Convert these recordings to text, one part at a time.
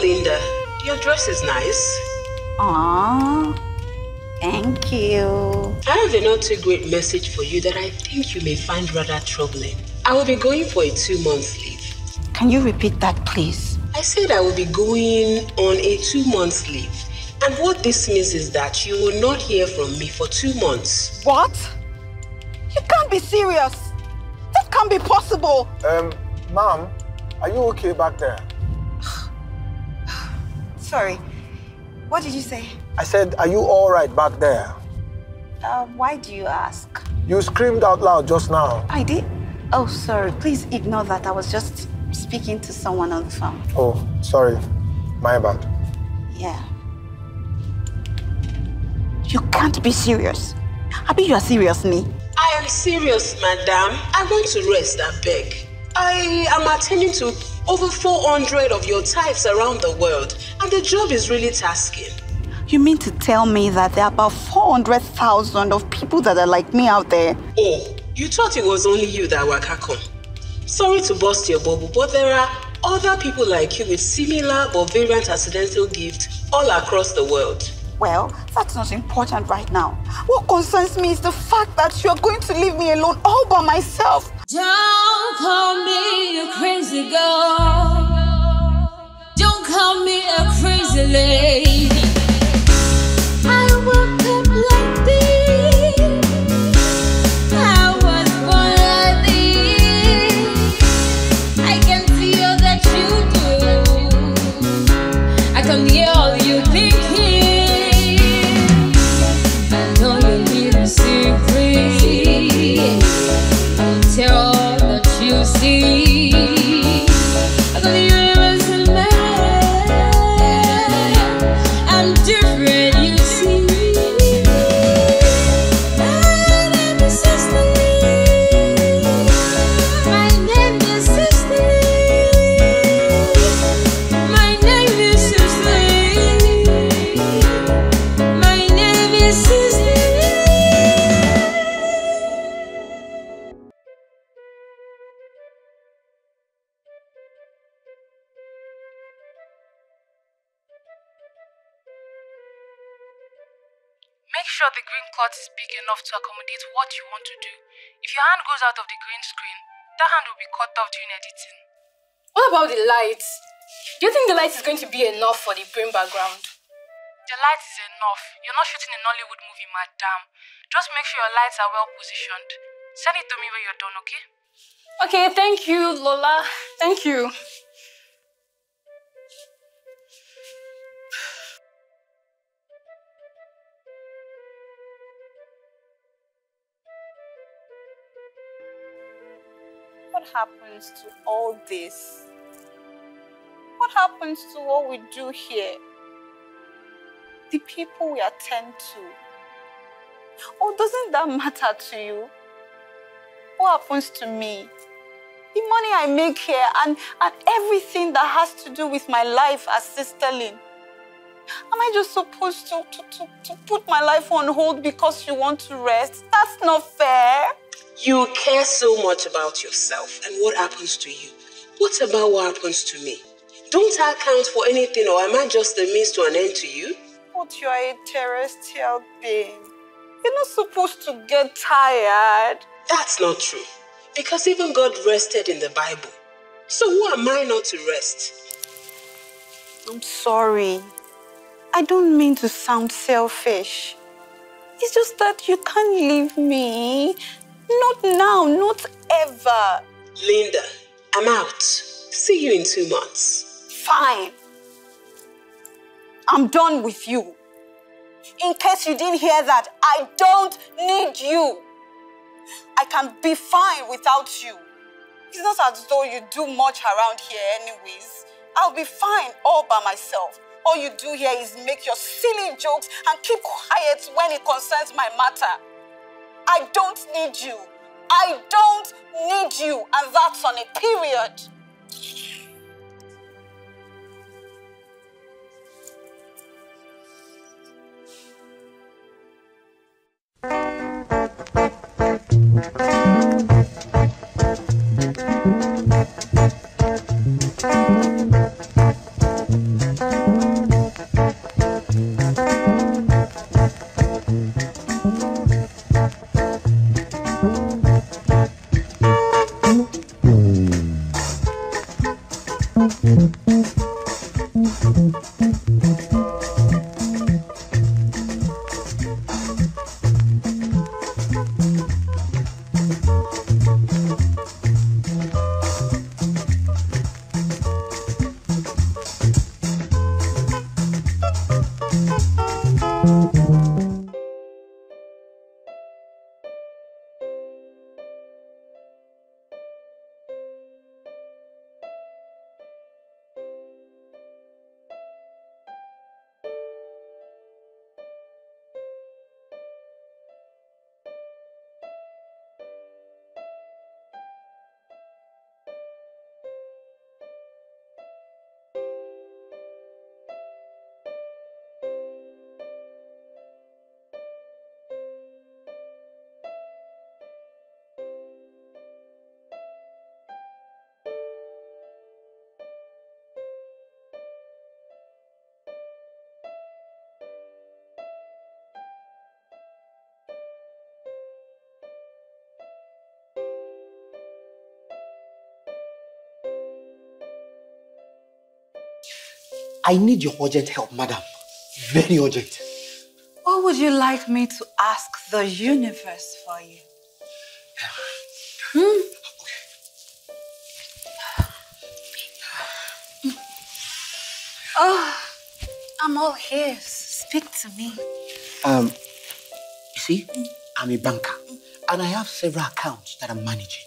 Linda. Your dress is nice. Aww. Thank you. I have a not too great message for you that I think you may find rather troubling. I will be going for a two month leave. Can you repeat that, please? I said I will be going on a two month leave. And what this means is that you will not hear from me for two months. What? You can't be serious. That can't be possible. Um, ma'am, are you okay back there? Sorry. What did you say? I said, are you all right back there? Uh, why do you ask? You screamed out loud just now. I did? Oh, sorry. Please ignore that. I was just speaking to someone on the phone. Oh, sorry. My bad. Yeah. You can't be serious. I bet you are serious, me. I am serious, madam. I want to rest I beg. I am attending to over 400 of your types around the world, and the job is really tasking. You mean to tell me that there are about 400,000 of people that are like me out there? Oh, you thought it was only you that were Kakon. Sorry to bust your bubble, but there are other people like you with similar or variant accidental gifts all across the world. Well, that's not important right now. What concerns me is the fact that you are going to leave me alone all by myself. Don't call me a crazy girl. Don't call me a crazy lady. Make sure the green cloth is big enough to accommodate what you want to do. If your hand goes out of the green screen, that hand will be cut off during editing. What about the lights? Do you think the light is going to be enough for the green background? The light is enough. You're not shooting a Nollywood movie, madam. Just make sure your lights are well positioned. Send it to me when you're done, okay? Okay, thank you, Lola. Thank you. what happens to all this? What happens to what we do here? the people we attend to. Oh, doesn't that matter to you? What happens to me? The money I make here and, and everything that has to do with my life as Sister Lynn. Am I just supposed to, to, to, to put my life on hold because you want to rest? That's not fair. You care so much about yourself and what happens to you. What about what happens to me? Don't I count for anything or am I just a means to an end to you? you are a terrestrial being. You're not supposed to get tired. That's not true. Because even God rested in the Bible. So who am I not to rest? I'm sorry. I don't mean to sound selfish. It's just that you can't leave me. Not now, not ever. Linda, I'm out. See you in two months. Fine. I'm done with you. In case you didn't hear that, I don't need you. I can be fine without you. It's not as though you do much around here anyways. I'll be fine all by myself. All you do here is make your silly jokes and keep quiet when it concerns my matter. I don't need you. I don't need you. And that's on a period. うん。Thank you. I need your urgent help, madam. Very urgent. What would you like me to ask the universe for you? Hmm? Oh, I'm all ears. Speak to me. Um, you see, I'm a banker and I have several accounts that I'm managing.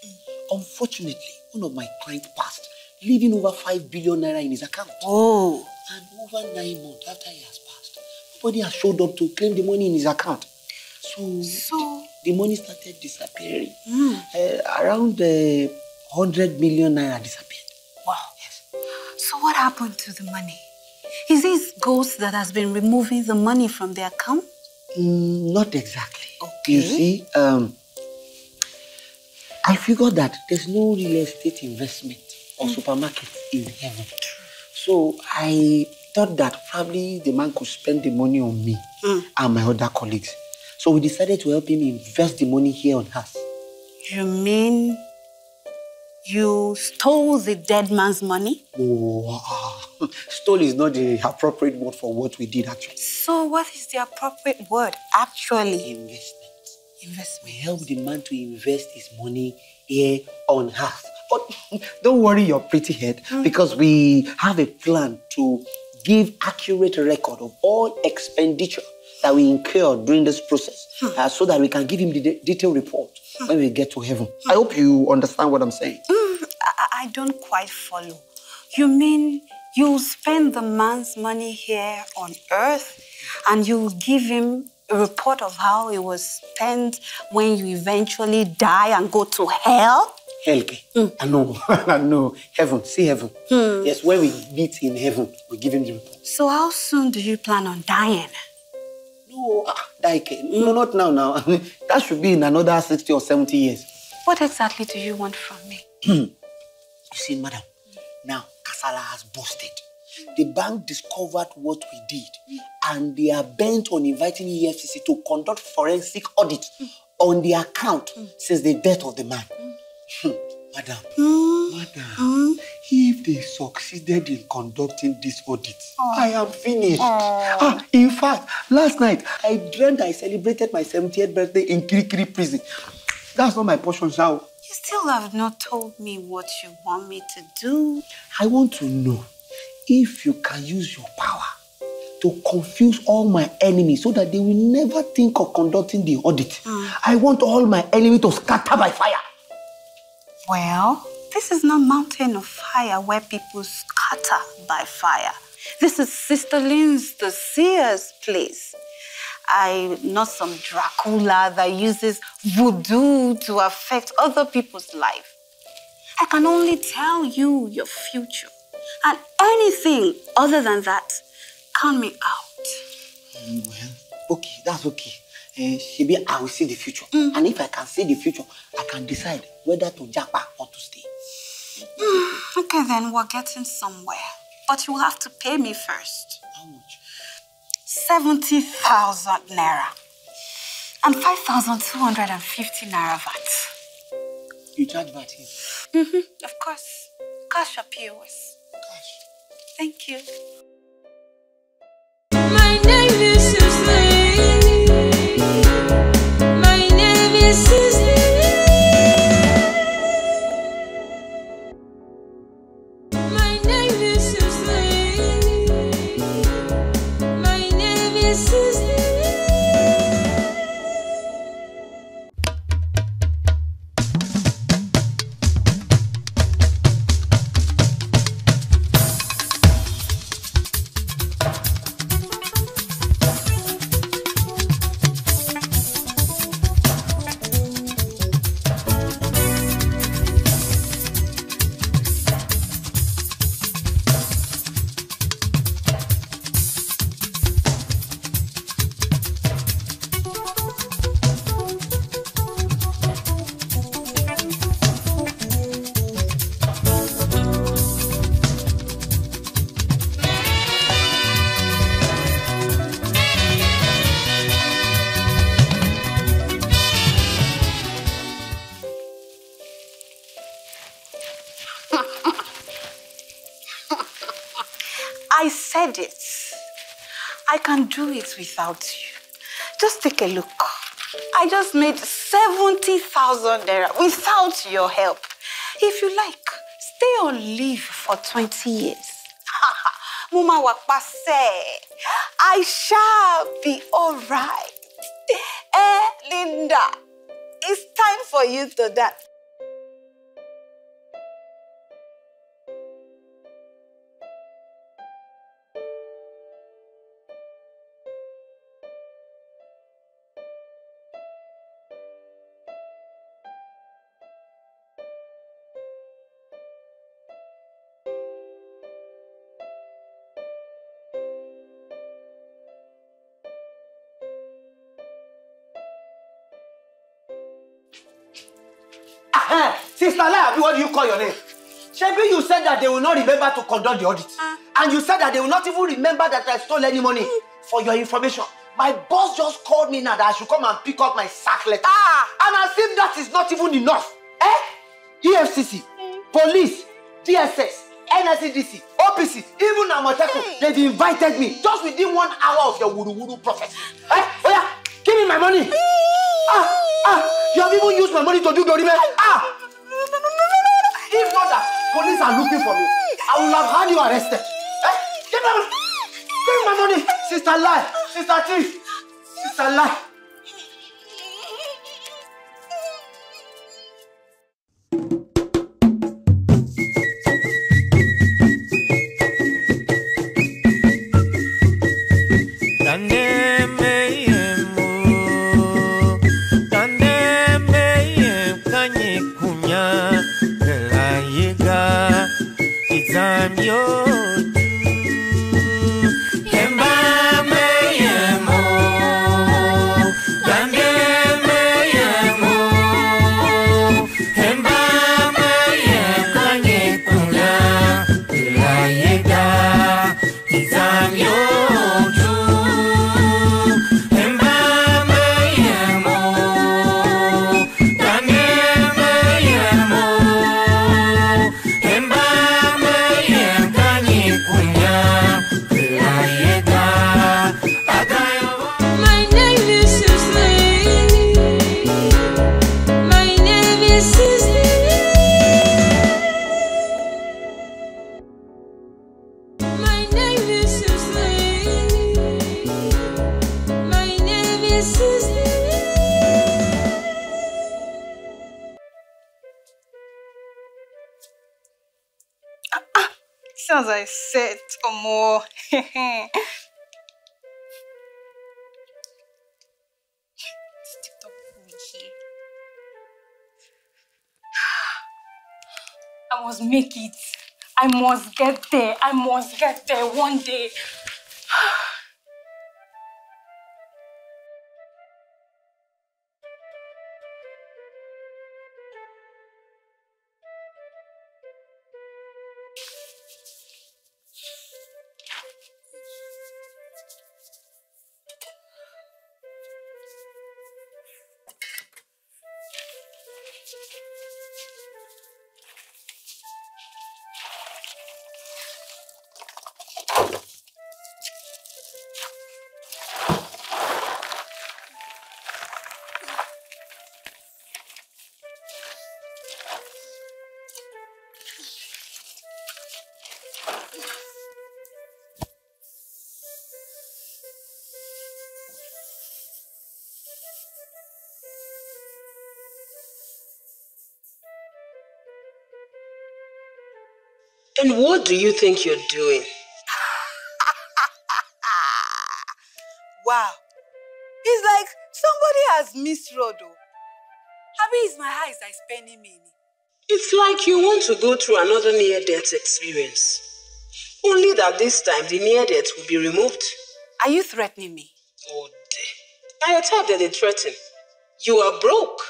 Unfortunately, one of my clients passed, leaving over 5 billion naira in his account. Oh. And over nine months after he has passed, nobody has showed up to claim the money in his account. So, so the money started disappearing. Mm. Uh, around uh, 100 million naira disappeared. Wow. Yes. So what happened to the money? Is this ghost that has been removing the money from the account? Mm, not exactly. Okay. You see, um, I figured that there's no real estate investment or mm. supermarket in heaven. So I thought that probably the man could spend the money on me mm. and my other colleagues. So we decided to help him invest the money here on us. You mean you stole the dead man's money? Oh, stole is not the appropriate word for what we did, actually. So what is the appropriate word, actually? Investment. Investment. We helped the man to invest his money here on us don't worry your pretty head hmm. because we have a plan to give accurate record of all expenditure that we incur during this process hmm. uh, so that we can give him the de detailed report hmm. when we get to heaven. I hope you understand what I'm saying. Mm, I, I don't quite follow. You mean you'll spend the man's money here on earth and you'll give him a report of how it was spent when you eventually die and go to hell? Hell, mm. I know, I know. Heaven, see heaven. Mm. Yes, when we meet in heaven, we give him the report. So how soon do you plan on dying? No, ah, die, no, hmm. not now, now. that should be in another 60 or 70 years. What exactly do you want from me? you see, madam, now Kasala has boosted. The bank discovered what we did and they are bent on inviting EFCC to conduct forensic audit on the account since the death of the man. Hmm, madam, madam, if they succeeded in conducting this audit, oh. I am finished. Oh. Ah, in fact, last night, I dreamed I celebrated my 70th birthday in Kirikiri prison. That's not my portion, Zhao. You still have not told me what you want me to do. I want to know if you can use your power to confuse all my enemies so that they will never think of conducting the audit. Mm. I want all my enemies to scatter by fire. Well, this is not mountain of fire where people scatter by fire. This is Sister Lynn's, the seer's place. I not some Dracula that uses voodoo to affect other people's life. I can only tell you your future. And anything other than that, count me out. well, okay, that's okay. Uh, I will see the future. Mm. And if I can see the future, I can decide whether to jump back or to stay. Mm, okay, then we're getting somewhere. But you will have to pay me first. How much? 70,000 naira. And 5,250 naira VAT. You charge VAT here? Mm-hmm, of course. Cash appeals. Thank you. said it. I can do it without you. Just take a look. I just made 70,000 naira without your help. If you like, stay on leave for 20 years. Muma wakpase. I shall be all right. Eh, Linda, it's time for you to dance. Uh-uh. Sister what do you call your name? Shebi, you said that they will not remember to conduct the audit. Ah. And you said that they will not even remember that I stole any money. Hmm. For your information, my boss just called me now that I should come and pick up my sack letter. Ah. And as if that is not even enough. Eh? EFCC, mm. police, DSS, NSCDC, e OPC, even Amoteco, hey. Hmm. they've invited me just within one hour of your wuru-wuru prophecy. Eh? Oh yeah, give me my money. Hmm. ah, ah, you have even used my money to do Dorime. Ah, If not that, police are looking for me. I will have had you arrested. Eh? Give me, give me my money. Sister Lie. Sister Thief, Sister Lie. more. I must make it. I must get there. I must get there one day. And what do you think you're doing? wow. It's like somebody has missed road. Happy oh. is my eyes that is paining me. It's like you want to go through another near-death experience. Only that this time the near-death will be removed. Are you threatening me? Oh, dear. i your type that they threaten. You are broke.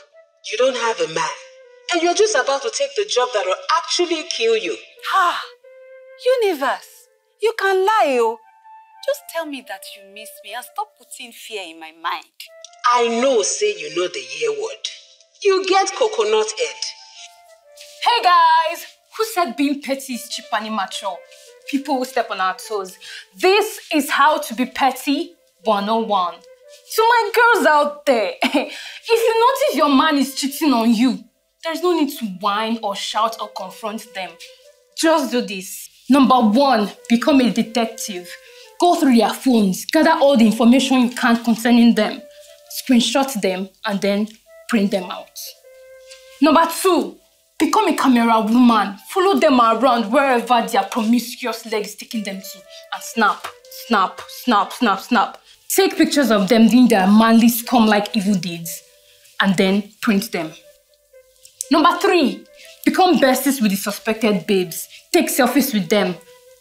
You don't have a man. And you're just about to take the job that will actually kill you. Ah, universe, you can lie, oh. Just tell me that you miss me and stop putting fear in my mind. I know, say you know the year word. You get coconut head. Hey guys, who said being petty is cheap and immature? People will step on our toes. This is how to be petty 101. To my girls out there, if you notice your man is cheating on you, there's no need to whine or shout or confront them. Just do this. Number one, become a detective. Go through their phones, gather all the information you can concerning them, screenshot them, and then print them out. Number two, become a camera woman. Follow them around wherever their promiscuous leg is taking them to and snap, snap, snap, snap, snap. Take pictures of them doing their manly scum like evil deeds and then print them. Number three, Become besties with the suspected babes. Take selfies with them.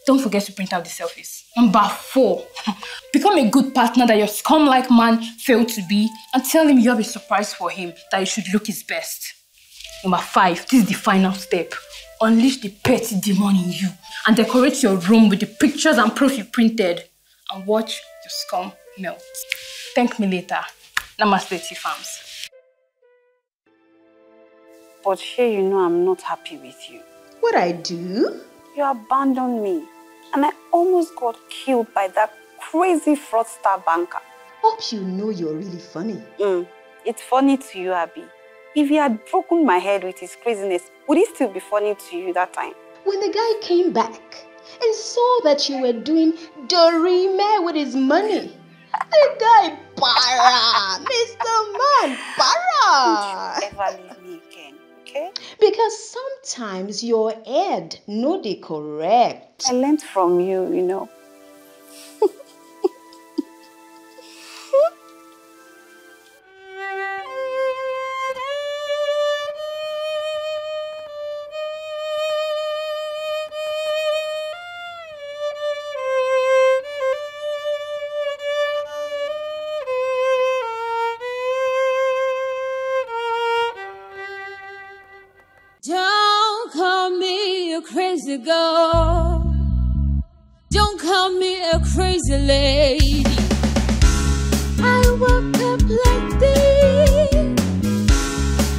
Don't forget to print out the selfies. Number four, become a good partner that your scum-like man failed to be and tell him you have a surprise for him that he should look his best. Number five, this is the final step. Unleash the petty demon in you and decorate your room with the pictures and proof you printed and watch your scum melt. Thank me later. Namaste, T-Farms. But here, you know I'm not happy with you. What I do? You abandoned me. And I almost got killed by that crazy fraudster banker. Hope you know you're really funny. Mm. It's funny to you, Abby. If he had broken my head with his craziness, would it still be funny to you that time? When the guy came back and saw that you were doing Dorime with his money, the guy, para! Mr. Man, para! Don't you ever leave Okay. Because sometimes your head not the correct. I learned from you, you know. to go. Don't call me a crazy lady. I woke up like this.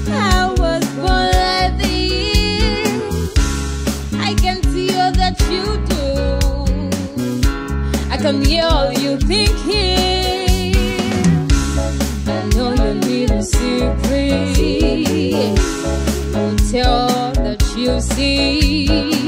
I was born like this. I can see all that you do. I can hear all you think here. I know you need a secret. Don't tell that you see.